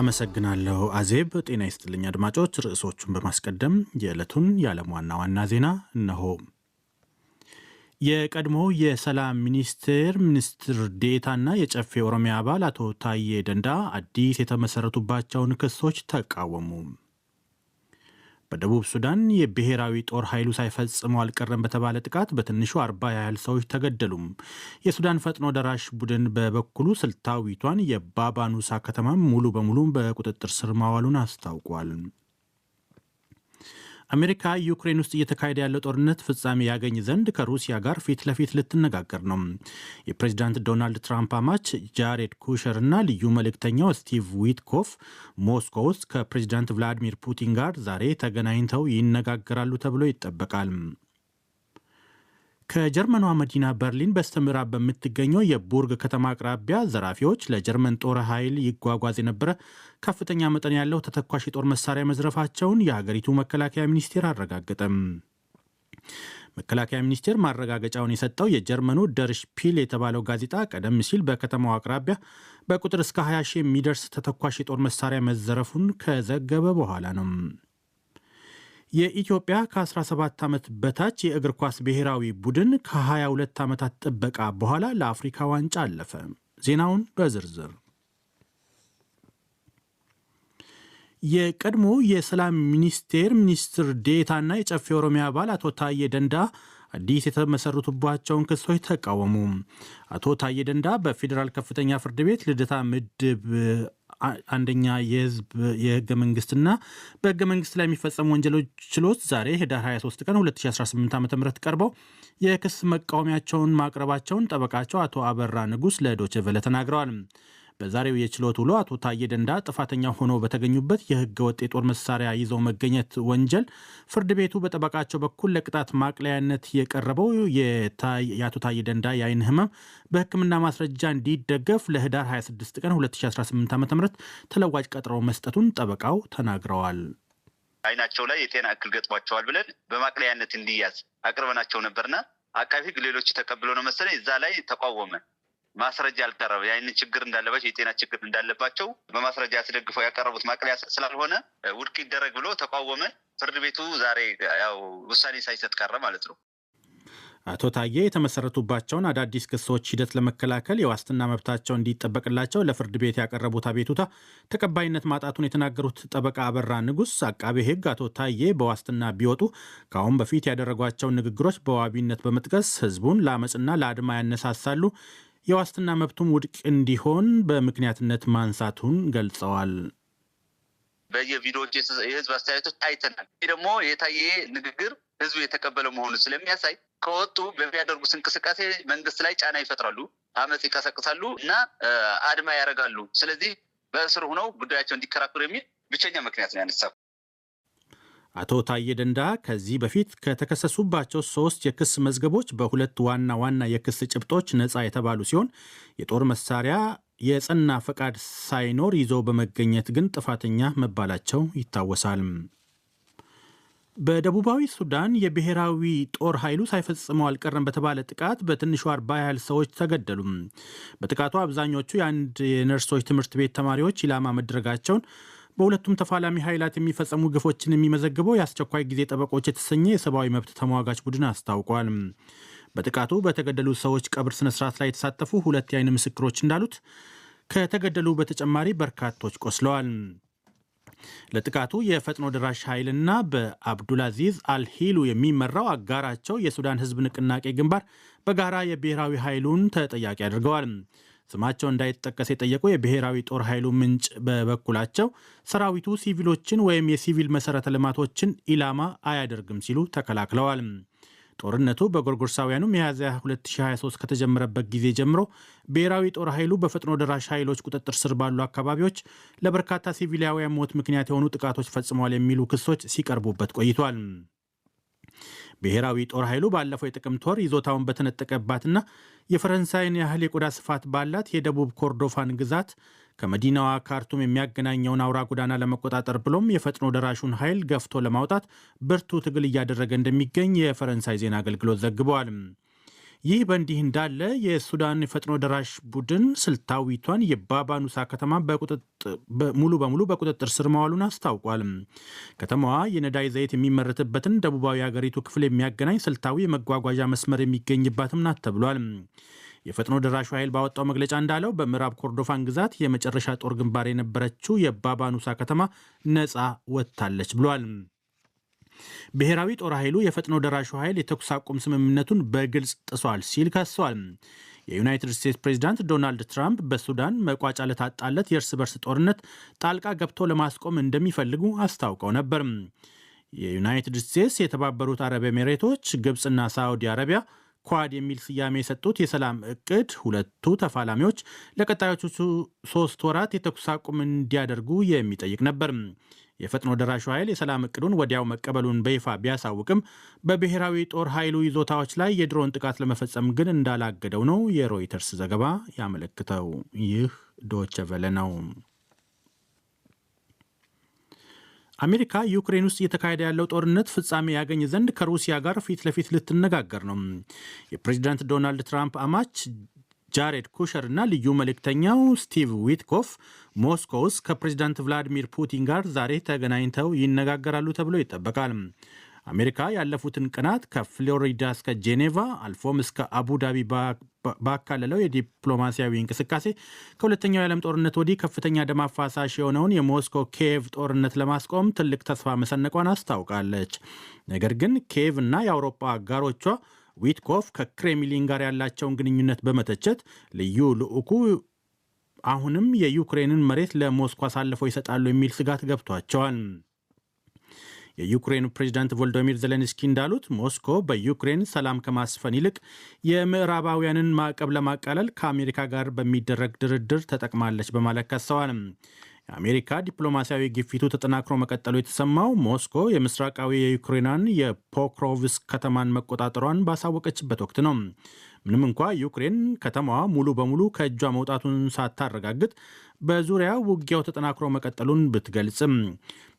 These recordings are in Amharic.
አመሰግናለሁ አዜብ። ጤና ይስጥልኝ አድማጮች። ርዕሶቹን በማስቀደም የዕለቱን የዓለም ዋና ዋና ዜና እነሆ። የቀድሞ የሰላም ሚኒስቴር ሚኒስትር ዴታና የጨፌ ኦሮሚያ አባል አቶ ታዬ ደንዳ አዲስ የተመሰረቱባቸውን ክሶች ተቃወሙ። በደቡብ ሱዳን የብሔራዊ ጦር ኃይሉ ሳይፈጽመው አልቀረም በተባለ ጥቃት በትንሹ አርባ ያህል ሰዎች ተገደሉም። የሱዳን ፈጥኖ ደራሽ ቡድን በበኩሉ ስልታዊቷን የባባኑሳ ከተማም ሙሉ በሙሉ በቁጥጥር ስር ማዋሉን አስታውቋል። አሜሪካ ዩክሬን ውስጥ እየተካሄደ ያለው ጦርነት ፍጻሜ ያገኝ ዘንድ ከሩሲያ ጋር ፊት ለፊት ልትነጋገር ነው። የፕሬዚዳንት ዶናልድ ትራምፕ አማች ጃሬድ ኩሸር እና ልዩ መልእክተኛው ስቲቭ ዊትኮፍ ሞስኮ ውስጥ ከፕሬዚዳንት ቭላዲሚር ፑቲን ጋር ዛሬ ተገናኝተው ይነጋገራሉ ተብሎ ይጠበቃል። ከጀርመኗ መዲና በርሊን በስተምዕራብ በምትገኘው የቡርግ ከተማ አቅራቢያ ዘራፊዎች ለጀርመን ጦር ኃይል ይጓጓዝ የነበረ ከፍተኛ መጠን ያለው ተተኳሽ የጦር መሳሪያ መዝረፋቸውን የሀገሪቱ መከላከያ ሚኒስቴር አረጋገጠም። መከላከያ ሚኒስቴር ማረጋገጫውን የሰጠው የጀርመኑ ደርሽፒል የተባለው ጋዜጣ ቀደም ሲል በከተማው አቅራቢያ በቁጥር እስከ 20 ሺህ የሚደርስ ተተኳሽ የጦር መሳሪያ መዘረፉን ከዘገበ በኋላ ነው። የኢትዮጵያ ከ17 ዓመት በታች የእግር ኳስ ብሔራዊ ቡድን ከ22 ዓመታት ጥበቃ በኋላ ለአፍሪካ ዋንጫ አለፈ። ዜናውን በዝርዝር የቀድሞ የሰላም ሚኒስቴር ሚኒስትር ዴታና የጨፌ ኦሮሚያ አባል አቶ ታዬ ደንዳ አዲስ የተመሰረቱባቸውን ክሶች ተቃወሙ። አቶ ታዬ ደንዳ በፌዴራል ከፍተኛ ፍርድ ቤት ልደታ ምድብ አንደኛ የህዝብ የህገ መንግስትና በህገ መንግስት ላይ የሚፈጸሙ ወንጀሎች ችሎት ዛሬ ህዳር 23 ቀን 2018 ዓ ም ቀርበው የክስ መቃወሚያቸውን ማቅረባቸውን ጠበቃቸው አቶ አበራ ንጉስ ለዶችቨለ ተናግረዋል። በዛሬው የችሎት ውሎ አቶ ታዬ ደንዳ ጥፋተኛ ሆኖ በተገኙበት የህገ ወጥ የጦር መሳሪያ ይዘው መገኘት ወንጀል ፍርድ ቤቱ በጠበቃቸው በኩል ለቅጣት ማቅለያነት የቀረበው የአቶ ታዬ ደንዳ የአይን ህመም በህክምና ማስረጃ እንዲደገፍ ለህዳር 26 ቀን 2018 ዓ ም ተለዋጭ ቀጥሮ መስጠቱን ጠበቃው ተናግረዋል። አይናቸው ላይ የጤና እክል ገጥሟቸዋል ብለን በማቅለያነት እንዲያዝ አቅርበናቸው ነበርና አቃቢ ህግ ሌሎች ተቀብሎ ነው መሰለኝ እዛ ላይ ተቋወመ። ማስረጃ አልቀረበ ያንን ችግር እንዳለባቸው የጤና ችግር እንዳለባቸው በማስረጃ ያስደግፈው ያቀረቡት ማቅለያ ስላልሆነ ውድቅ ይደረግ ብሎ ተቋወመ ፍርድ ቤቱ ዛሬ ያው ውሳኔ ሳይሰጥ ቀረ ማለት ነው። አቶ ታዬ የተመሰረቱባቸውን አዳዲስ ክሶች ሂደት ለመከላከል የዋስትና መብታቸው እንዲጠበቅላቸው ለፍርድ ቤት ያቀረቡት አቤቱታ ተቀባይነት ማጣቱን የተናገሩት ጠበቃ አበራ ንጉስ አቃቤ ሕግ አቶ ታዬ በዋስትና ቢወጡ ከአሁን በፊት ያደረጓቸውን ንግግሮች በዋቢነት በመጥቀስ ሕዝቡን ለአመፅና ለአድማ ያነሳሳሉ የዋስትና መብቱም ውድቅ እንዲሆን በምክንያትነት ማንሳቱን ገልጸዋል። በየቪዲዮዎች የህዝብ አስተያየቶች አይተናል። ይህ ደግሞ የታየ ንግግር ህዝብ የተቀበለ መሆኑ ስለሚያሳይ ከወጡ በሚያደርጉት እንቅስቃሴ መንግስት ላይ ጫና ይፈጥራሉ፣ አመፅ ይቀሰቅሳሉ እና አድማ ያደርጋሉ። ስለዚህ በእስር ሆነው ጉዳያቸው እንዲከራከሩ የሚል ብቸኛ ምክንያት ነው ያነሳው። አቶ ታዬ ደንዳ ከዚህ በፊት ከተከሰሱባቸው ሶስት የክስ መዝገቦች በሁለት ዋና ዋና የክስ ጭብጦች ነፃ የተባሉ ሲሆን የጦር መሳሪያ የጸና ፈቃድ ሳይኖር ይዞ በመገኘት ግን ጥፋተኛ መባላቸው ይታወሳል። በደቡባዊ ሱዳን የብሔራዊ ጦር ኃይሉ ሳይፈጽመው አልቀረም በተባለ ጥቃት በትንሹ አርባ ያህል ሰዎች ተገደሉ። በጥቃቱ አብዛኞቹ የአንድ የነርሶች ትምህርት ቤት ተማሪዎች ኢላማ መድረጋቸውን በሁለቱም ተፋላሚ ኃይላት የሚፈጸሙ ግፎችን የሚመዘግበው የአስቸኳይ ጊዜ ጠበቆች የተሰኘ የሰብአዊ መብት ተሟጋች ቡድን አስታውቋል። በጥቃቱ በተገደሉ ሰዎች ቀብር ስነስርዓት ላይ የተሳተፉ ሁለት የአይን ምስክሮች እንዳሉት ከተገደሉ በተጨማሪ በርካቶች ቆስለዋል። ለጥቃቱ የፈጥኖ ደራሽ ኃይልና በአብዱልአዚዝ አልሂሉ የሚመራው አጋራቸው የሱዳን ህዝብ ንቅናቄ ግንባር በጋራ የብሔራዊ ኃይሉን ተጠያቂ አድርገዋል። ስማቸው እንዳይጠቀስ የጠየቁ የብሔራዊ ጦር ኃይሉ ምንጭ በበኩላቸው ሰራዊቱ ሲቪሎችን ወይም የሲቪል መሠረተ ልማቶችን ኢላማ አያደርግም ሲሉ ተከላክለዋል። ጦርነቱ በጎርጎርሳውያኑ ሚያዝያ 2023 ከተጀመረበት ጊዜ ጀምሮ ብሔራዊ ጦር ኃይሉ በፈጥኖ ደራሽ ኃይሎች ቁጥጥር ስር ባሉ አካባቢዎች ለበርካታ ሲቪላውያን ሞት ምክንያት የሆኑ ጥቃቶች ፈጽመዋል የሚሉ ክሶች ሲቀርቡበት ቆይቷል። ብሔራዊ ጦር ኃይሉ ባለፈው የጥቅምት ወር ይዞታውን በተነጠቀባትና የፈረንሳይን ያህል የቆዳ ስፋት ባላት የደቡብ ኮርዶፋን ግዛት ከመዲናዋ ካርቱም የሚያገናኘውን አውራ ጎዳና ለመቆጣጠር ብሎም የፈጥኖ ደራሹን ኃይል ገፍቶ ለማውጣት ብርቱ ትግል እያደረገ እንደሚገኝ የፈረንሳይ ዜና አገልግሎት ዘግበዋል። ይህ በእንዲህ እንዳለ የሱዳን የፈጥኖ ደራሽ ቡድን ስልታዊቷን የባባኑሳ ከተማ ሙሉ በሙሉ በቁጥጥር ስር መዋሉን አስታውቋል። ከተማዋ የነዳጅ ዘይት የሚመረትበትን ደቡባዊ ሀገሪቱ ክፍል የሚያገናኝ ስልታዊ የመጓጓዣ መስመር የሚገኝባትም ናት ተብሏል። የፈጥኖ ደራሹ ኃይል ባወጣው መግለጫ እንዳለው በምዕራብ ኮርዶፋን ግዛት የመጨረሻ ጦር ግንባር የነበረችው የባባኑሳ ከተማ ነፃ ወጥታለች ብሏል። ብሔራዊ ጦር ኃይሉ የፈጥኖ ደራሹ ኃይል የተኩስ አቁም ስምምነቱን በግልጽ ጥሷል ሲል ከሷል። የዩናይትድ ስቴትስ ፕሬዚዳንት ዶናልድ ትራምፕ በሱዳን መቋጫ ለታጣለት የእርስ በርስ ጦርነት ጣልቃ ገብቶ ለማስቆም እንደሚፈልጉ አስታውቀው ነበር። የዩናይትድ ስቴትስ፣ የተባበሩት አረብ ኤሜሬቶች፣ ግብፅና ሳዑዲ አረቢያ ኳድ የሚል ስያሜ የሰጡት የሰላም እቅድ ሁለቱ ተፋላሚዎች ለቀጣዮቹ ሶስት ወራት የተኩስ አቁም እንዲያደርጉ የሚጠይቅ ነበር። የፈጥኖ ደራሹ ኃይል የሰላም እቅዱን ወዲያው መቀበሉን በይፋ ቢያሳውቅም በብሔራዊ ጦር ኃይሉ ይዞታዎች ላይ የድሮን ጥቃት ለመፈጸም ግን እንዳላገደው ነው የሮይተርስ ዘገባ ያመለክተው። ይህ ዶቸቨለ ነው። አሜሪካ ዩክሬን ውስጥ እየተካሄደ ያለው ጦርነት ፍጻሜ ያገኝ ዘንድ ከሩሲያ ጋር ፊት ለፊት ልትነጋገር ነው። የፕሬዚዳንት ዶናልድ ትራምፕ አማች ጃሬድ ኩሸር እና ልዩ መልእክተኛው ስቲቭ ዊትኮፍ ሞስኮ ውስጥ ከፕሬዚዳንት ቭላዲሚር ፑቲን ጋር ዛሬ ተገናኝተው ይነጋገራሉ ተብሎ ይጠበቃል። አሜሪካ ያለፉትን ቀናት ከፍሎሪዳ እስከ ጄኔቫ አልፎም እስከ አቡዳቢ ባካለለው የዲፕሎማሲያዊ እንቅስቃሴ ከሁለተኛው የዓለም ጦርነት ወዲህ ከፍተኛ ደም አፋሳሽ የሆነውን የሞስኮ ኬቭ ጦርነት ለማስቆም ትልቅ ተስፋ መሰነቋን አስታውቃለች። ነገር ግን ኬቭ እና የአውሮፓ አጋሮቿ ዊትኮፍ ከክሬምሊን ጋር ያላቸውን ግንኙነት በመተቸት ልዩ ልዑኩ አሁንም የዩክሬንን መሬት ለሞስኮ አሳልፈው ይሰጣሉ የሚል ስጋት ገብቷቸዋል። የዩክሬኑ ፕሬዚዳንት ቮልዶሚር ዘለንስኪ እንዳሉት ሞስኮ በዩክሬን ሰላም ከማስፈን ይልቅ የምዕራባውያንን ማዕቀብ ለማቃለል ከአሜሪካ ጋር በሚደረግ ድርድር ተጠቅማለች በማለት ከሰዋል። የአሜሪካ ዲፕሎማሲያዊ ግፊቱ ተጠናክሮ መቀጠሉ የተሰማው ሞስኮ የምስራቃዊ የዩክሬናን የፖክሮቭስ ከተማን መቆጣጠሯን ባሳወቀችበት ወቅት ነው። ምንም እንኳ ዩክሬን ከተማዋ ሙሉ በሙሉ ከእጇ መውጣቱን ሳታረጋግጥ በዙሪያ ውጊያው ተጠናክሮ መቀጠሉን ብትገልጽም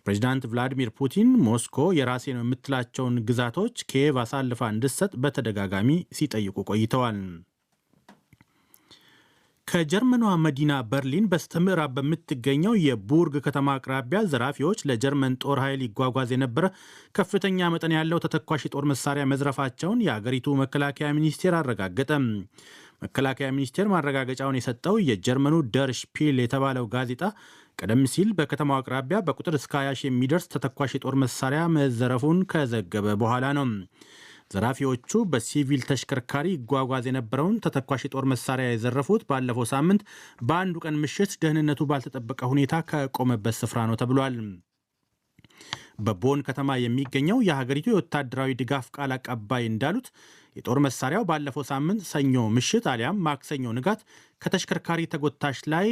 ፕሬዚዳንት ቭላዲሚር ፑቲን ሞስኮ የራሴ ነው የምትላቸውን ግዛቶች ኪየቭ አሳልፋ እንድትሰጥ በተደጋጋሚ ሲጠይቁ ቆይተዋል። ከጀርመኗ መዲና በርሊን በስተምዕራብ በምትገኘው የቡርግ ከተማ አቅራቢያ ዘራፊዎች ለጀርመን ጦር ኃይል ይጓጓዝ የነበረ ከፍተኛ መጠን ያለው ተተኳሽ የጦር መሳሪያ መዝረፋቸውን የአገሪቱ መከላከያ ሚኒስቴር አረጋገጠ። መከላከያ ሚኒስቴር ማረጋገጫውን የሰጠው የጀርመኑ ደር ሽፒል የተባለው ጋዜጣ ቀደም ሲል በከተማው አቅራቢያ በቁጥር እስከ 20 ሺ የሚደርስ ተተኳሽ የጦር መሳሪያ መዘረፉን ከዘገበ በኋላ ነው። ዘራፊዎቹ በሲቪል ተሽከርካሪ ይጓጓዝ የነበረውን ተተኳሽ የጦር መሳሪያ የዘረፉት ባለፈው ሳምንት በአንዱ ቀን ምሽት ደህንነቱ ባልተጠበቀ ሁኔታ ከቆመበት ስፍራ ነው ተብሏል። በቦን ከተማ የሚገኘው የሀገሪቱ የወታደራዊ ድጋፍ ቃል አቀባይ እንዳሉት የጦር መሳሪያው ባለፈው ሳምንት ሰኞ ምሽት አሊያም ማክሰኞ ንጋት ከተሽከርካሪ ተጎታች ላይ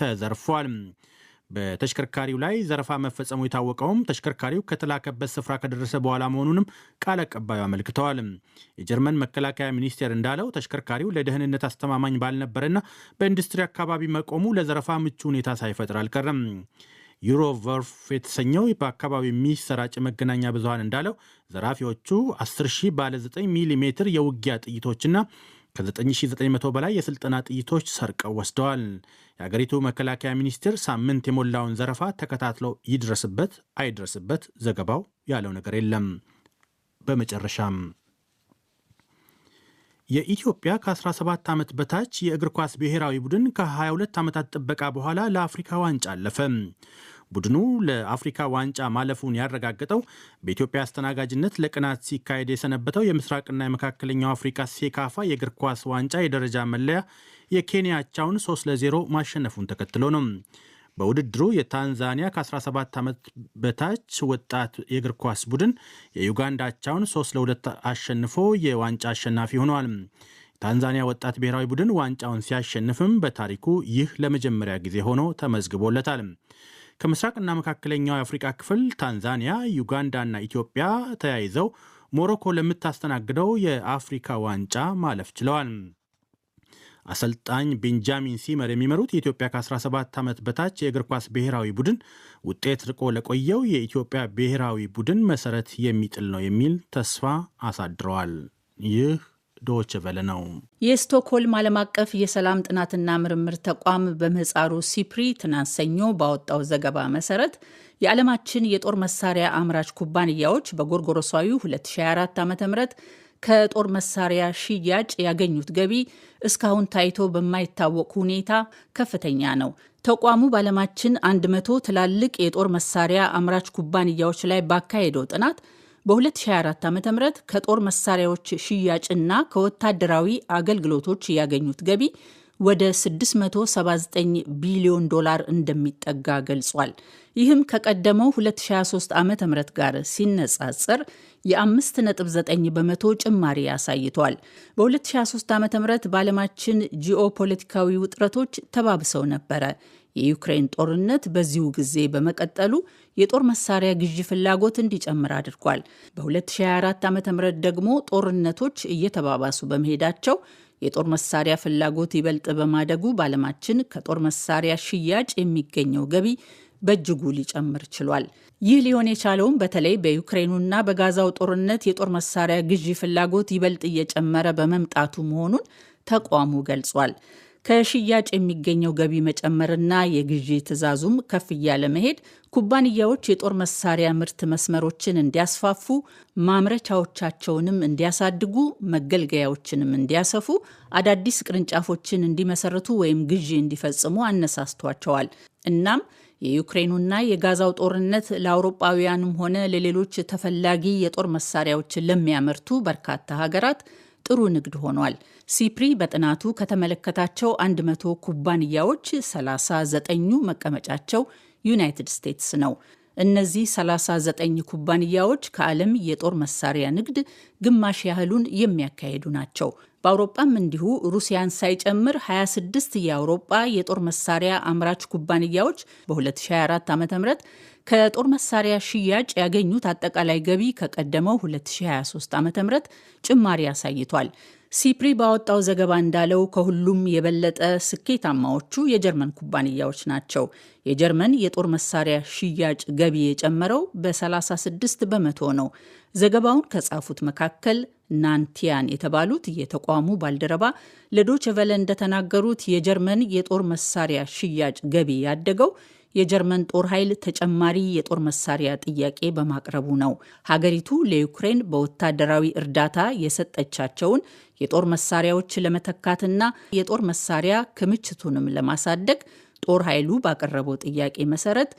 ተዘርፏል። በተሽከርካሪው ላይ ዘረፋ መፈጸሙ የታወቀውም ተሽከርካሪው ከተላከበት ስፍራ ከደረሰ በኋላ መሆኑንም ቃል አቀባዩ አመልክተዋል። የጀርመን መከላከያ ሚኒስቴር እንዳለው ተሽከርካሪው ለደህንነት አስተማማኝ ባልነበረና በኢንዱስትሪ አካባቢ መቆሙ ለዘረፋ ምቹ ሁኔታ ሳይፈጥር አልቀረም። ዩሮቨርፍ የተሰኘው በአካባቢው የሚሰራጭ መገናኛ ብዙሀን እንዳለው ዘራፊዎቹ 10 ሺህ ባለ 9 ሚሊ ሜትር የውጊያ ጥይቶችና ከ9900 በላይ የስልጠና ጥይቶች ሰርቀው ወስደዋል። የአገሪቱ መከላከያ ሚኒስቴር ሳምንት የሞላውን ዘረፋ ተከታትሎ ይድረስበት አይድረስበት ዘገባው ያለው ነገር የለም። በመጨረሻም የኢትዮጵያ ከ17 ዓመት በታች የእግር ኳስ ብሔራዊ ቡድን ከ22 ዓመታት ጥበቃ በኋላ ለአፍሪካ ዋንጫ አለፈ። ቡድኑ ለአፍሪካ ዋንጫ ማለፉን ያረጋገጠው በኢትዮጵያ አስተናጋጅነት ለቅናት ሲካሄድ የሰነበተው የምስራቅና የመካከለኛው አፍሪካ ሴካፋ የእግር ኳስ ዋንጫ የደረጃ መለያ የኬንያቻውን 3 ለ0 ማሸነፉን ተከትሎ ነው። በውድድሩ የታንዛኒያ ከ17 ዓመት በታች ወጣት የእግር ኳስ ቡድን የዩጋንዳ 3 ለ2 አሸንፎ የዋንጫ አሸናፊ ሆኗል። ታንዛኒያ ወጣት ብሔራዊ ቡድን ዋንጫውን ሲያሸንፍም በታሪኩ ይህ ለመጀመሪያ ጊዜ ሆኖ ተመዝግቦለታል። ከምስራቅና መካከለኛው የአፍሪቃ ክፍል ታንዛኒያ፣ ዩጋንዳና ኢትዮጵያ ተያይዘው ሞሮኮ ለምታስተናግደው የአፍሪካ ዋንጫ ማለፍ ችለዋል። አሰልጣኝ ቤንጃሚን ሲመር የሚመሩት የኢትዮጵያ ከ17 ዓመት በታች የእግር ኳስ ብሔራዊ ቡድን ውጤት ርቆ ለቆየው የኢትዮጵያ ብሔራዊ ቡድን መሰረት የሚጥል ነው የሚል ተስፋ አሳድረዋል። ይህ ዶች ቨለ ነው። የስቶክሆልም ዓለም አቀፍ የሰላም ጥናትና ምርምር ተቋም በምህፃሩ ሲፕሪ ትናንት ሰኞ ባወጣው ዘገባ መሰረት የዓለማችን የጦር መሳሪያ አምራች ኩባንያዎች በጎርጎሮሳዊ 2024 ዓ ም ከጦር መሳሪያ ሽያጭ ያገኙት ገቢ እስካሁን ታይቶ በማይታወቅ ሁኔታ ከፍተኛ ነው። ተቋሙ በዓለማችን 100 ትላልቅ የጦር መሳሪያ አምራች ኩባንያዎች ላይ ባካሄደው ጥናት በ2024 ዓ ም ከጦር መሳሪያዎች ሽያጭና ከወታደራዊ አገልግሎቶች ያገኙት ገቢ ወደ 679 ቢሊዮን ዶላር እንደሚጠጋ ገልጿል። ይህም ከቀደመው 2023 ዓ ም ጋር ሲነጻጸር የ5.9 በመቶ ጭማሪ አሳይቷል። በ2023 ዓ ም በዓለማችን ጂኦፖለቲካዊ ውጥረቶች ተባብሰው ነበረ። የዩክሬን ጦርነት በዚሁ ጊዜ በመቀጠሉ የጦር መሳሪያ ግዢ ፍላጎት እንዲጨምር አድርጓል። በ2024 ዓ ም ደግሞ ጦርነቶች እየተባባሱ በመሄዳቸው የጦር መሳሪያ ፍላጎት ይበልጥ በማደጉ በዓለማችን ከጦር መሳሪያ ሽያጭ የሚገኘው ገቢ በእጅጉ ሊጨምር ችሏል። ይህ ሊሆን የቻለውም በተለይ በዩክሬኑና በጋዛው ጦርነት የጦር መሳሪያ ግዢ ፍላጎት ይበልጥ እየጨመረ በመምጣቱ መሆኑን ተቋሙ ገልጿል። ከሽያጭ የሚገኘው ገቢ መጨመርና የግዢ ትዕዛዙም ከፍ እያለ መሄድ ኩባንያዎች የጦር መሳሪያ ምርት መስመሮችን እንዲያስፋፉ፣ ማምረቻዎቻቸውንም እንዲያሳድጉ፣ መገልገያዎችንም እንዲያሰፉ፣ አዳዲስ ቅርንጫፎችን እንዲመሰርቱ ወይም ግዢ እንዲፈጽሙ አነሳስቷቸዋል። እናም የዩክሬኑና የጋዛው ጦርነት ለአውሮጳውያንም ሆነ ለሌሎች ተፈላጊ የጦር መሳሪያዎች ለሚያመርቱ በርካታ ሀገራት ጥሩ ንግድ ሆኗል። ሲፕሪ በጥናቱ ከተመለከታቸው 100 ኩባንያዎች 39ኙ መቀመጫቸው ዩናይትድ ስቴትስ ነው። እነዚህ 39 ኩባንያዎች ከዓለም የጦር መሳሪያ ንግድ ግማሽ ያህሉን የሚያካሂዱ ናቸው። በአውሮጳም እንዲሁ ሩሲያን ሳይጨምር 26 የአውሮጳ የጦር መሳሪያ አምራች ኩባንያዎች በ2024 ዓ ም ከጦር መሳሪያ ሽያጭ ያገኙት አጠቃላይ ገቢ ከቀደመው 2023 ዓ ም ጭማሪ አሳይቷል። ሲፕሪ ባወጣው ዘገባ እንዳለው ከሁሉም የበለጠ ስኬታማዎቹ የጀርመን ኩባንያዎች ናቸው። የጀርመን የጦር መሳሪያ ሽያጭ ገቢ የጨመረው በ36 በመቶ ነው። ዘገባውን ከጻፉት መካከል ናንቲያን የተባሉት የተቋሙ ባልደረባ ለዶችቨለ እንደተናገሩት የጀርመን የጦር መሳሪያ ሽያጭ ገቢ ያደገው የጀርመን ጦር ኃይል ተጨማሪ የጦር መሳሪያ ጥያቄ በማቅረቡ ነው። ሀገሪቱ ለዩክሬን በወታደራዊ እርዳታ የሰጠቻቸውን የጦር መሳሪያዎች ለመተካትና የጦር መሳሪያ ክምችቱንም ለማሳደግ ጦር ኃይሉ ባቀረበው ጥያቄ መሰረት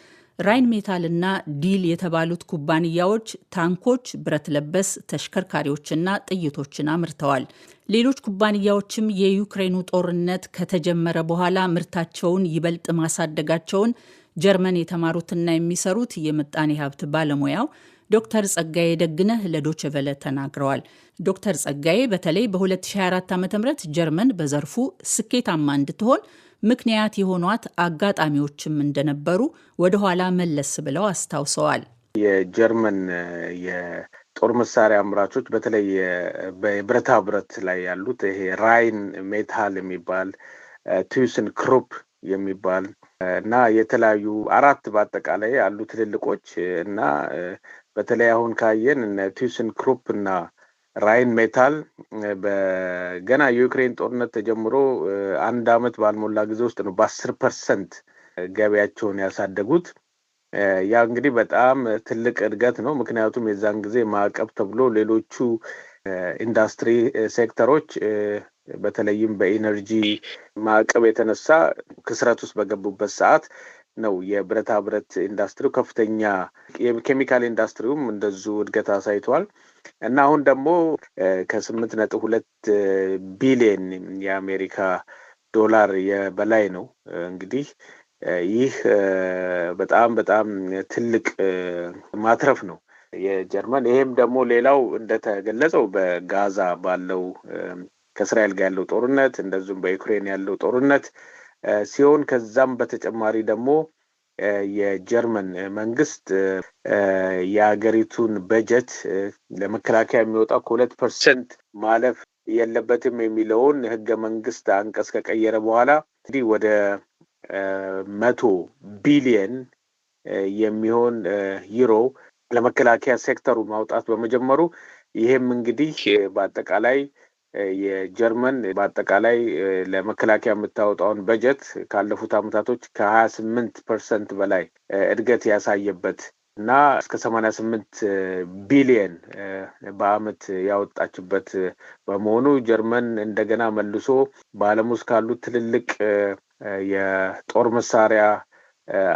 ራይን ሜታል ና ዲል የተባሉት ኩባንያዎች ታንኮች፣ ብረት ለበስ ተሽከርካሪዎችና ጥይቶችን አምርተዋል። ሌሎች ኩባንያዎችም የዩክሬኑ ጦርነት ከተጀመረ በኋላ ምርታቸውን ይበልጥ ማሳደጋቸውን ጀርመን የተማሩትና የሚሰሩት የምጣኔ ሀብት ባለሙያው ዶክተር ጸጋዬ ደግነህ ለዶችቨለ ተናግረዋል። ዶክተር ጸጋዬ በተለይ በ2024 ዓ ም ጀርመን በዘርፉ ስኬታማ እንድትሆን ምክንያት የሆኗት አጋጣሚዎችም እንደነበሩ ወደኋላ መለስ ብለው አስታውሰዋል። የጀርመን የጦር መሳሪያ አምራቾች በተለይ በብረታ ብረት ላይ ያሉት ይሄ ራይን ሜታል የሚባል ቱዩስን ክሩፕ የሚባል እና የተለያዩ አራት በአጠቃላይ ያሉ ትልልቆች እና በተለይ አሁን ካየን ቲዩስን ክሩፕ እና ራይን ሜታል በገና የዩክሬን ጦርነት ተጀምሮ አንድ አመት ባልሞላ ጊዜ ውስጥ ነው በአስር ፐርሰንት ገቢያቸውን ያሳደጉት። ያ እንግዲህ በጣም ትልቅ እድገት ነው። ምክንያቱም የዛን ጊዜ ማዕቀብ ተብሎ ሌሎቹ ኢንዱስትሪ ሴክተሮች በተለይም በኢነርጂ ማዕቀብ የተነሳ ክስረት ውስጥ በገቡበት ሰዓት ነው የብረታ ብረት ኢንዱስትሪ ከፍተኛ የኬሚካል ኢንዱስትሪውም እንደዙ እድገት አሳይተዋል እና አሁን ደግሞ ከስምንት ነጥብ ሁለት ቢሊየን የአሜሪካ ዶላር በላይ ነው እንግዲህ ይህ በጣም በጣም ትልቅ ማትረፍ ነው የጀርመን ይሄም ደግሞ ሌላው እንደተገለጸው በጋዛ ባለው ከእስራኤል ጋር ያለው ጦርነት እንደዚሁም በዩክሬን ያለው ጦርነት ሲሆን ከዛም በተጨማሪ ደግሞ የጀርመን መንግስት የሀገሪቱን በጀት ለመከላከያ የሚወጣው ከሁለት ፐርሰንት ማለፍ የለበትም የሚለውን ህገ መንግስት አንቀጽ ከቀየረ በኋላ እንግዲህ ወደ መቶ ቢሊየን የሚሆን ዩሮ ለመከላከያ ሴክተሩ ማውጣት በመጀመሩ ይህም እንግዲህ በአጠቃላይ የጀርመን በአጠቃላይ ለመከላከያ የምታወጣውን በጀት ካለፉት አመታቶች ከሀያ ስምንት ፐርሰንት በላይ እድገት ያሳየበት እና እስከ ሰማንያ ስምንት ቢሊየን በአመት ያወጣችበት በመሆኑ ጀርመን እንደገና መልሶ በዓለም ውስጥ ካሉት ትልልቅ የጦር መሳሪያ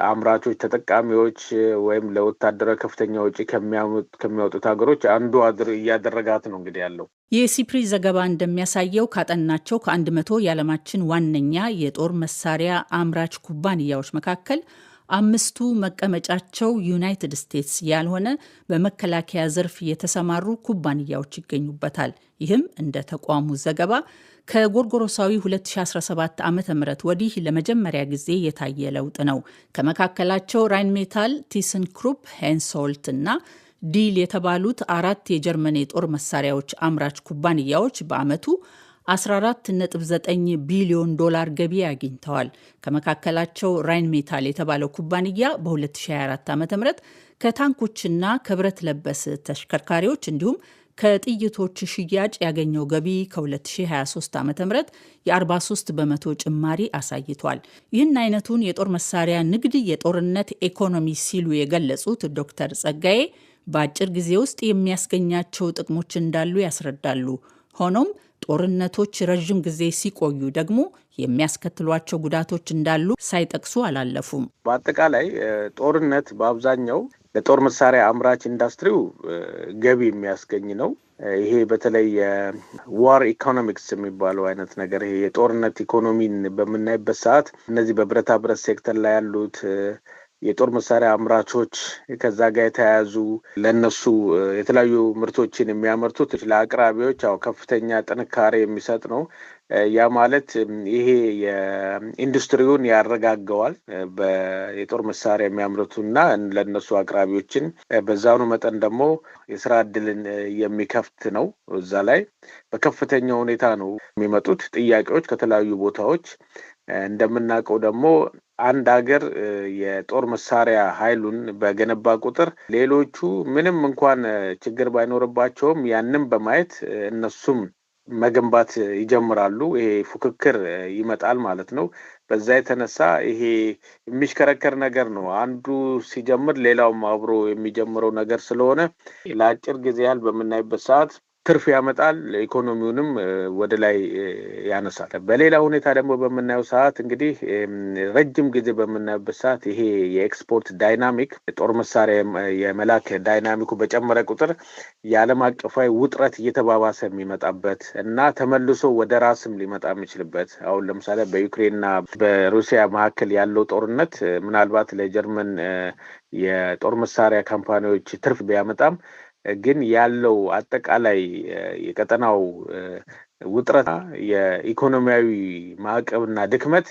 አምራቾች ተጠቃሚዎች ወይም ለወታደራዊ ከፍተኛ ውጪ ከሚያወጡት ሀገሮች አንዱ እያደረጋት ነው እንግዲህ ያለው። የሲፕሪ ዘገባ እንደሚያሳየው ካጠናቸው ከአንድ መቶ የዓለማችን ዋነኛ የጦር መሳሪያ አምራች ኩባንያዎች መካከል አምስቱ መቀመጫቸው ዩናይትድ ስቴትስ ያልሆነ በመከላከያ ዘርፍ የተሰማሩ ኩባንያዎች ይገኙበታል። ይህም እንደ ተቋሙ ዘገባ ከጎርጎሮሳዊ 2017 ዓ ም ወዲህ ለመጀመሪያ ጊዜ የታየ ለውጥ ነው። ከመካከላቸው ራይን ሜታል፣ ቲስን ክሩፕ፣ ሄንሶልት እና ዲል የተባሉት አራት የጀርመን የጦር መሳሪያዎች አምራች ኩባንያዎች በአመቱ 14.9 ቢሊዮን ዶላር ገቢ አግኝተዋል። ከመካከላቸው ራይን ሜታል የተባለው ኩባንያ በ2024 ዓ ም ከታንኮችና ከብረት ለበስ ተሽከርካሪዎች እንዲሁም ከጥይቶች ሽያጭ ያገኘው ገቢ ከ2023 ዓ ም የ43 በመቶ ጭማሪ አሳይቷል። ይህን አይነቱን የጦር መሳሪያ ንግድ የጦርነት ኢኮኖሚ ሲሉ የገለጹት ዶክተር ጸጋዬ በአጭር ጊዜ ውስጥ የሚያስገኛቸው ጥቅሞች እንዳሉ ያስረዳሉ። ሆኖም ጦርነቶች ረዥም ጊዜ ሲቆዩ ደግሞ የሚያስከትሏቸው ጉዳቶች እንዳሉ ሳይጠቅሱ አላለፉም። በአጠቃላይ ጦርነት በአብዛኛው ለጦር መሳሪያ አምራች ኢንዱስትሪው ገቢ የሚያስገኝ ነው። ይሄ በተለይ የዋር ኢኮኖሚክስ የሚባለው አይነት ነገር ይሄ የጦርነት ኢኮኖሚን በምናይበት ሰዓት እነዚህ በብረታ ብረት ሴክተር ላይ ያሉት የጦር መሳሪያ አምራቾች ከዛ ጋር የተያያዙ ለነሱ የተለያዩ ምርቶችን የሚያመርቱት ለአቅራቢዎች ያው ከፍተኛ ጥንካሬ የሚሰጥ ነው። ያ ማለት ይሄ የኢንዱስትሪውን ያረጋገዋል። የጦር መሳሪያ እና ለነሱ አቅራቢዎችን በዛኑ መጠን ደግሞ የስራ እድልን የሚከፍት ነው። እዛ ላይ በከፍተኛ ሁኔታ ነው የሚመጡት ጥያቄዎች ከተለያዩ ቦታዎች። እንደምናውቀው ደግሞ አንድ ሀገር የጦር መሳሪያ ኃይሉን በገነባ ቁጥር ሌሎቹ ምንም እንኳን ችግር ባይኖርባቸውም ያንም በማየት እነሱም መገንባት ይጀምራሉ። ይሄ ፉክክር ይመጣል ማለት ነው። በዛ የተነሳ ይሄ የሚሽከረከር ነገር ነው። አንዱ ሲጀምር ሌላውም አብሮ የሚጀምረው ነገር ስለሆነ ለአጭር ጊዜ ያህል በምናይበት ሰዓት ትርፍ ያመጣል፣ ኢኮኖሚውንም ወደ ላይ ያነሳል። በሌላ ሁኔታ ደግሞ በምናየው ሰዓት እንግዲህ ረጅም ጊዜ በምናየበት ሰዓት ይሄ የኤክስፖርት ዳይናሚክ ጦር መሳሪያ የመላክ ዳይናሚኩ በጨመረ ቁጥር የዓለም አቀፋዊ ውጥረት እየተባባሰ የሚመጣበት እና ተመልሶ ወደ ራስም ሊመጣ የሚችልበት አሁን ለምሳሌ በዩክሬንና በሩሲያ መካከል ያለው ጦርነት ምናልባት ለጀርመን የጦር መሳሪያ ካምፓኒዎች ትርፍ ቢያመጣም ግን ያለው አጠቃላይ የቀጠናው ውጥረት የኢኮኖሚያዊ ማዕቀብና ድክመት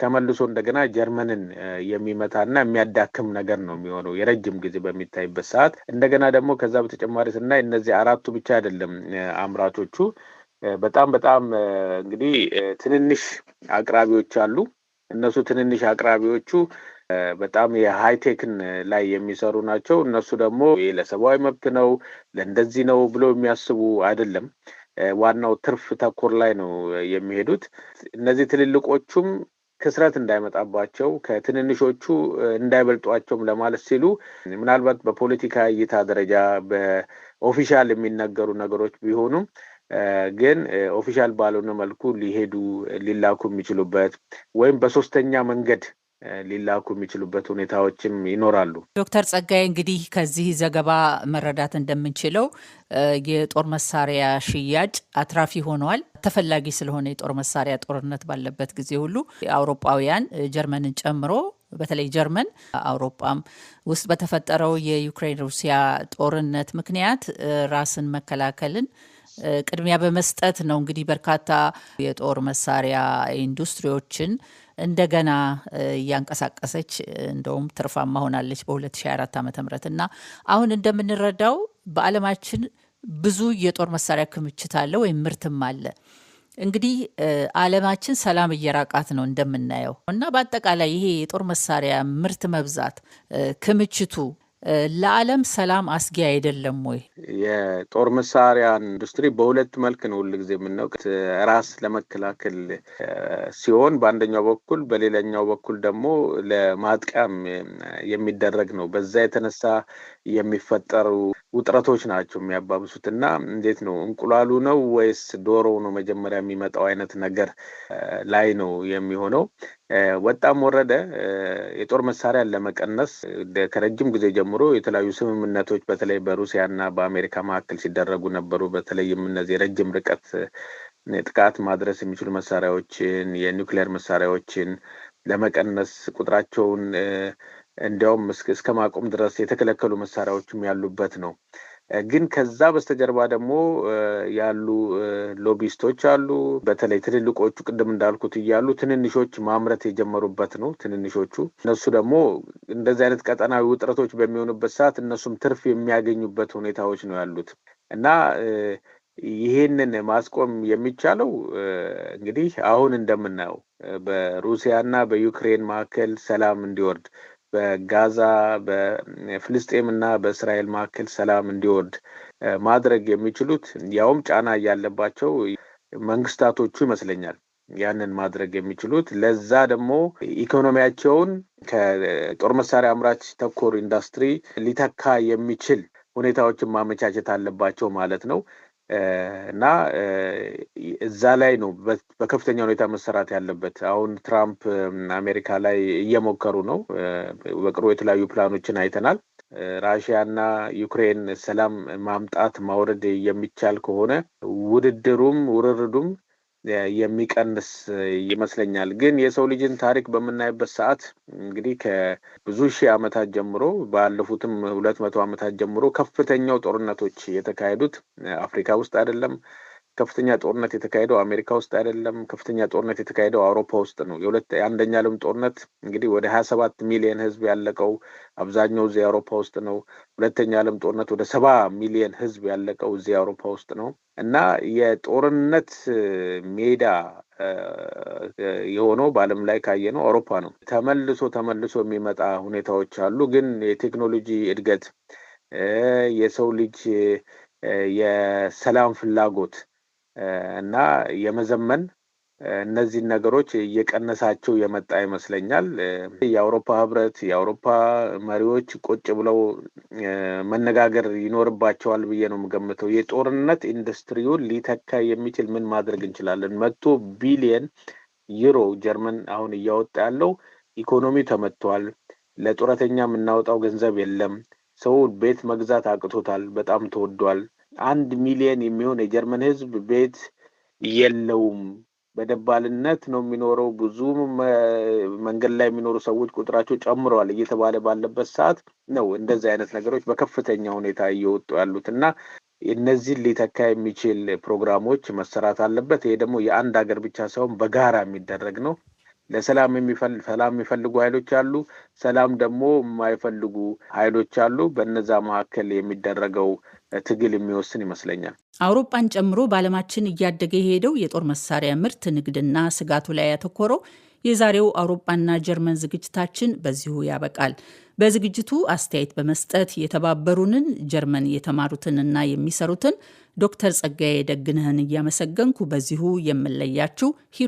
ተመልሶ እንደገና ጀርመንን ና የሚያዳክም ነገር ነው የሚሆነው የረጅም ጊዜ በሚታይበት ሰዓት። እንደገና ደግሞ ከዛ በተጨማሪ ስናይ እነዚህ አራቱ ብቻ አይደለም አምራቾቹ በጣም በጣም እንግዲህ ትንንሽ አቅራቢዎች አሉ። እነሱ ትንንሽ አቅራቢዎቹ በጣም የሃይቴክን ላይ የሚሰሩ ናቸው። እነሱ ደግሞ ለሰብአዊ መብት ነው ለእንደዚህ ነው ብለው የሚያስቡ አይደለም። ዋናው ትርፍ ተኮር ላይ ነው የሚሄዱት። እነዚህ ትልልቆቹም ክስረት እንዳይመጣባቸው ከትንንሾቹ እንዳይበልጧቸውም ለማለት ሲሉ ምናልባት በፖለቲካ እይታ ደረጃ በኦፊሻል የሚነገሩ ነገሮች ቢሆኑም ግን ኦፊሻል ባልሆነ መልኩ ሊሄዱ ሊላኩ የሚችሉበት ወይም በሶስተኛ መንገድ ሊላኩ የሚችሉበት ሁኔታዎችም ይኖራሉ። ዶክተር ጸጋዬ እንግዲህ ከዚህ ዘገባ መረዳት እንደምንችለው የጦር መሳሪያ ሽያጭ አትራፊ ሆነዋል። ተፈላጊ ስለሆነ የጦር መሳሪያ ጦርነት ባለበት ጊዜ ሁሉ አውሮፓውያን ጀርመንን ጨምሮ በተለይ ጀርመን አውሮፓም ውስጥ በተፈጠረው የዩክሬን ሩሲያ ጦርነት ምክንያት ራስን መከላከልን ቅድሚያ በመስጠት ነው እንግዲህ በርካታ የጦር መሳሪያ ኢንዱስትሪዎችን እንደገና እያንቀሳቀሰች እንደውም ትርፋማ ሆናለች በ2024 ዓ ም እና አሁን እንደምንረዳው በዓለማችን ብዙ የጦር መሳሪያ ክምችት አለ ወይም ምርትም አለ። እንግዲህ ዓለማችን ሰላም እየራቃት ነው እንደምናየው እና በአጠቃላይ ይሄ የጦር መሳሪያ ምርት መብዛት ክምችቱ ለዓለም ሰላም አስጊ አይደለም ወይ? የጦር መሳሪያ ኢንዱስትሪ በሁለት መልክ ነው ሁል ጊዜ የምናውቅ ራስ ለመከላከል ሲሆን በአንደኛው በኩል፣ በሌላኛው በኩል ደግሞ ለማጥቃም የሚደረግ ነው። በዛ የተነሳ የሚፈጠሩ ውጥረቶች ናቸው የሚያባብሱት። እና እንዴት ነው እንቁላሉ ነው ወይስ ዶሮ ነው መጀመሪያ የሚመጣው አይነት ነገር ላይ ነው የሚሆነው። ወጣም ወረደ የጦር መሳሪያን ለመቀነስ ከረጅም ጊዜ ጀምሮ የተለያዩ ስምምነቶች በተለይ በሩሲያ እና በአሜሪካ መካከል ሲደረጉ ነበሩ። በተለይም እነዚህ የረጅም ርቀት ጥቃት ማድረስ የሚችሉ መሳሪያዎችን የኒውክሌር መሳሪያዎችን ለመቀነስ ቁጥራቸውን እንዲያውም እስከ ማቆም ድረስ የተከለከሉ መሳሪያዎችም ያሉበት ነው። ግን ከዛ በስተጀርባ ደግሞ ያሉ ሎቢስቶች አሉ። በተለይ ትልልቆቹ ቅድም እንዳልኩት እያሉ ትንንሾች ማምረት የጀመሩበት ነው። ትንንሾቹ እነሱ ደግሞ እንደዚህ አይነት ቀጠናዊ ውጥረቶች በሚሆኑበት ሰዓት እነሱም ትርፍ የሚያገኙበት ሁኔታዎች ነው ያሉት እና ይህንን ማስቆም የሚቻለው እንግዲህ አሁን እንደምናየው በሩሲያና በዩክሬን መካከል ሰላም እንዲወርድ በጋዛ እና በእስራኤል መካከል ሰላም እንዲወርድ ማድረግ የሚችሉት ያውም ጫና እያለባቸው መንግስታቶቹ ይመስለኛል ያንን ማድረግ የሚችሉት ለዛ ደግሞ ኢኮኖሚያቸውን ከጦር መሳሪያ አምራች ተኮር ኢንዱስትሪ ሊተካ የሚችል ሁኔታዎችን ማመቻቸት አለባቸው ማለት ነው። Eh, እና eh, እዛ ላይ ነው በከፍተኛ ሁኔታ መሰራት ያለበት። አሁን ትራምፕ አሜሪካ ላይ እየሞከሩ ነው። eh፣ በቅርቡ የተለያዩ ፕላኖችን አይተናል። ራሽያና ዩክሬን ሰላም ማምጣት ማውረድ የሚቻል ከሆነ ውድድሩም ውርርዱም የሚቀንስ ይመስለኛል። ግን የሰው ልጅን ታሪክ በምናይበት ሰዓት እንግዲህ ከብዙ ሺህ ዓመታት ጀምሮ ባለፉትም ሁለት መቶ ዓመታት ጀምሮ ከፍተኛው ጦርነቶች የተካሄዱት አፍሪካ ውስጥ አይደለም ከፍተኛ ጦርነት የተካሄደው አሜሪካ ውስጥ አይደለም። ከፍተኛ ጦርነት የተካሄደው አውሮፓ ውስጥ ነው። የሁለት የአንደኛ ዓለም ጦርነት እንግዲህ ወደ ሀያ ሰባት ሚሊየን ህዝብ ያለቀው አብዛኛው እዚህ አውሮፓ ውስጥ ነው። ሁለተኛ ዓለም ጦርነት ወደ ሰባ ሚሊየን ህዝብ ያለቀው እዚህ አውሮፓ ውስጥ ነው እና የጦርነት ሜዳ የሆነው በዓለም ላይ ካየነው አውሮፓ ነው። ተመልሶ ተመልሶ የሚመጣ ሁኔታዎች አሉ። ግን የቴክኖሎጂ እድገት የሰው ልጅ የሰላም ፍላጎት እና የመዘመን እነዚህን ነገሮች እየቀነሳቸው የመጣ ይመስለኛል። የአውሮፓ ህብረት፣ የአውሮፓ መሪዎች ቁጭ ብለው መነጋገር ይኖርባቸዋል ብዬ ነው የምገምተው። የጦርነት ኢንዱስትሪውን ሊተካ የሚችል ምን ማድረግ እንችላለን? መቶ ቢሊየን ዩሮ ጀርመን አሁን እያወጣ ያለው ኢኮኖሚ ተመቷል። ለጡረተኛ የምናወጣው ገንዘብ የለም። ሰው ቤት መግዛት አቅቶታል። በጣም ተወዷል። አንድ ሚሊየን የሚሆን የጀርመን ህዝብ ቤት የለውም። በደባልነት ነው የሚኖረው። ብዙ መንገድ ላይ የሚኖሩ ሰዎች ቁጥራቸው ጨምረዋል እየተባለ ባለበት ሰዓት ነው እንደዚህ አይነት ነገሮች በከፍተኛ ሁኔታ እየወጡ ያሉት እና እነዚህን ሊተካ የሚችል ፕሮግራሞች መሰራት አለበት። ይሄ ደግሞ የአንድ ሀገር ብቻ ሳይሆን በጋራ የሚደረግ ነው። ለሰላም ሰላም የሚፈልጉ ኃይሎች አሉ። ሰላም ደግሞ የማይፈልጉ ኃይሎች አሉ። በነዛ መካከል የሚደረገው ትግል የሚወስን ይመስለኛል። አውሮፓን ጨምሮ በዓለማችን እያደገ የሄደው የጦር መሳሪያ ምርት ንግድና ስጋቱ ላይ ያተኮረው የዛሬው አውሮፓና ጀርመን ዝግጅታችን በዚሁ ያበቃል። በዝግጅቱ አስተያየት በመስጠት የተባበሩንን ጀርመን የተማሩትንና የሚሰሩትን ዶክተር ጸጋዬ ደግነህን እያመሰገንኩ በዚሁ የምለያችሁ ሂሩ